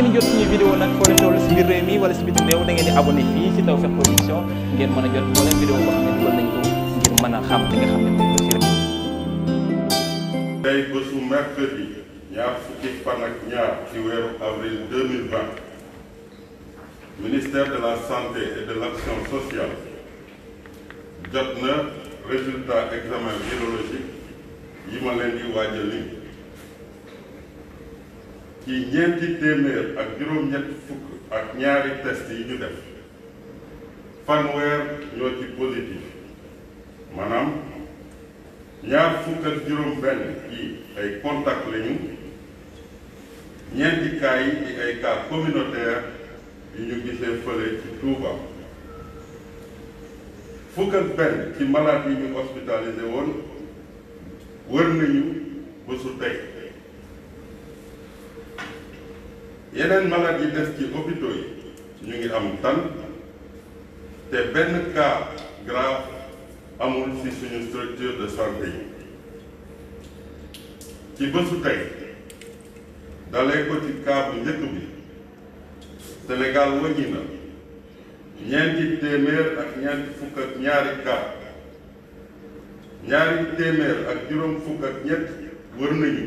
ngeen jot suñu vidéo nag foo leen toll si biir réew mi wala si biti réew da ngeen di abonné fii si Tawfekh Production ngeen mën a jot moo leen vidéo boo xam ne dugal nañ ko ngir mën a xam de la santé et de l'action sociale jot na résultat examen virologique yi ma leen di waajal ci ñeenti téeméer ak juróom-ñett fukk ak ñaari test yi ñu def fanweer ñoo ci positif maanaam ñaar fukk ak juróom-benn yi ay contact lañu ñeenti cas yi ci ay cas communautaire yu ñu gisee fële ci Touba fukk ak benn ci malade yi ñu hospitalisé woon wër nañu bésu tey yeneen malade yi des ci hôpitaux yi ngi am tan te benn cas grave amul ci suñu structure de santé yi ci bésu tey dalee ko ci cas bu njëkk bi Sénégal wëññi na ñeenti téeméer ak ñeenti fukk ak ñaari cas ñaari téeméer ak juróom fukk ak ñett wër nañu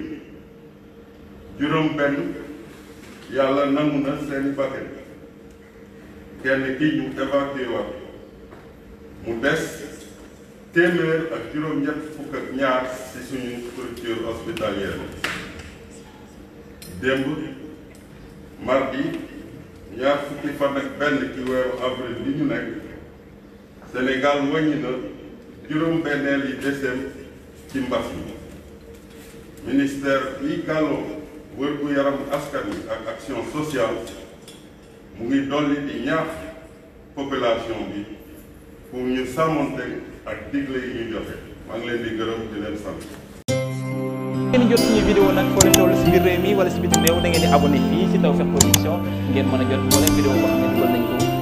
juróom benn yàlla nangu na seeni bakkan kenn ki ñu évacué waat mu des téeméer ak juróom-ñett fukk ak ñaar ci suñu structure hospitalière démb mardi ñaar fukki fan ak benn ci weeru avril bi ñu nekk Sénégal wàññi na juróom-benneel yi deseem ci mbas mi ministère bi kàlloo wër bu yaramu askan wi ak action sociale mu ngi dolli di ñaax population bi pour ñu sàmmonte ak digle yi ñu joxe maa ngi leen di gërëm di leen sant. ngeen jot suñu vidéo nag foo leen toll si biir réew mi wala si bitim réew da ngeen di abonné fii si Tawfekh Production ngeen mën a jot moo leen vidéo boo xam ne dugal nañ ko.